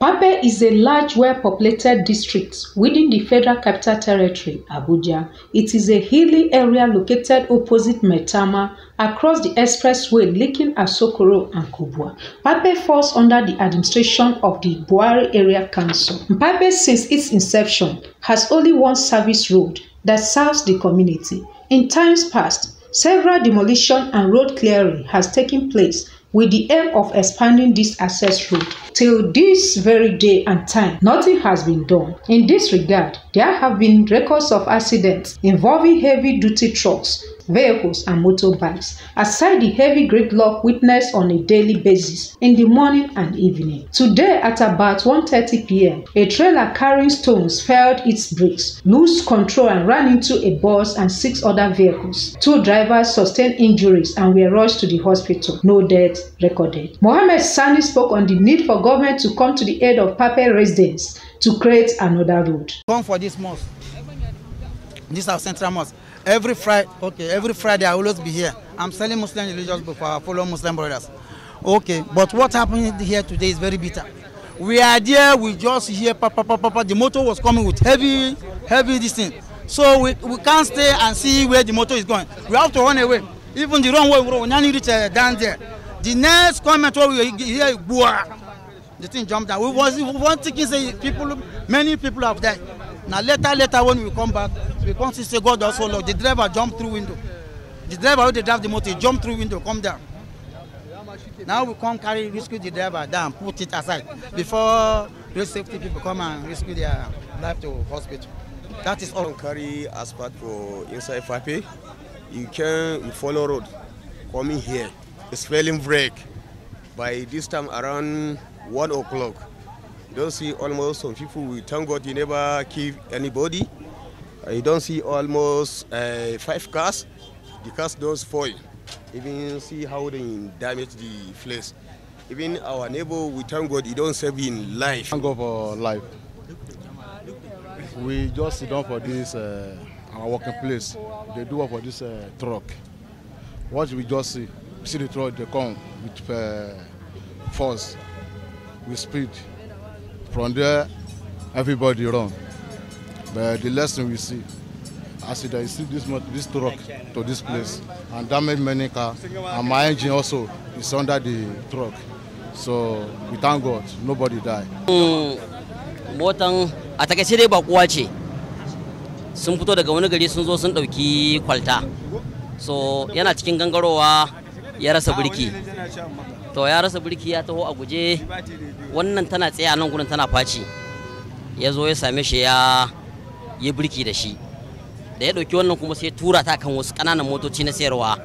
Pape is a large, well-populated district within the Federal Capital Territory, Abuja. It is a hilly area located opposite Maitama, across the expressway linking Asokoro and Kubwa. Pape falls under the administration of the Buari Area Council. Pape, since its inception, has only one service road that serves the community. In times past, several demolition and road clearing has taken place with the aim of expanding this access route. Till this very day and time, nothing has been done. In this regard, there have been records of accidents involving heavy duty trucks vehicles, and motorbikes, aside the heavy gridlock witnessed on a daily basis in the morning and evening. Today, at about 1.30 p.m., a trailer carrying stones failed its brakes, lost control and ran into a bus and six other vehicles. Two drivers sustained injuries and were rushed to the hospital. No deaths recorded. Mohammed Sani spoke on the need for government to come to the aid of Pape residents to create another road. Come for this month. This is our central mosque. Every Friday, okay, every Friday I always be here. I'm selling Muslim religious book for our fellow Muslim brothers. Okay, but what happened here today is very bitter. We are there, we just hear papa, papa, papa. The motor was coming with heavy, heavy this thing. So we, we can't stay and see where the motor is going. We have to run away. Even the wrong way, we don't reach uh, down there. The next comment where we hear, Bua! the thing jumped down. We was one thing say people, many people have died. Now later, later when we come back, we come see say God also Lord. The driver jump through window. The driver who dey drive the motor jump through window come down. Now we come carry rescue the driver down, put it aside before road safety people come and rescue their life to hospital. That is all. You carry asphalt for inside Fape. You can you follow road coming here. It's failing brake. By this time around one o'clock, don't see almost some people, we thank God you never kill anybody. You uh, don't see almost uh, five cars. The cars don't spoil. Even see how they damage the place. Even our neighbor, we thank God he don't save in life. Thank God for life. We just sit down for this, uh, our working place. They do for this uh, truck. What we just see, we see the truck, they come with uh, force, with speed. From there, everybody run. But the lesson we see, as you see this this truck to this place and damage many car, and my engine also is under the truck. So we thank God, nobody die. Motan a takaice dai bakuwa ce sun fito daga wani gari sun zo sun ɗauki kwalta. So yana cikin gangarowa ya rasa birki to ya rasa birki ya taho a guje wannan tana tsaye a nan gurin tana faci ya zo ya same shi ya yi birki da shi da ya ɗauki wannan kuma sai tura ta kan wasu ƙananan motoci na sayarwa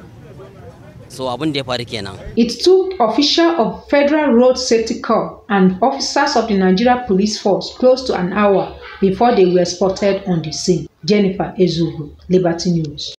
so abin da ya faru kenan it took official of federal road safety corps and officers of the nigeria police force close to an hour before they were spotted on the scene jennifer ezugu liberty news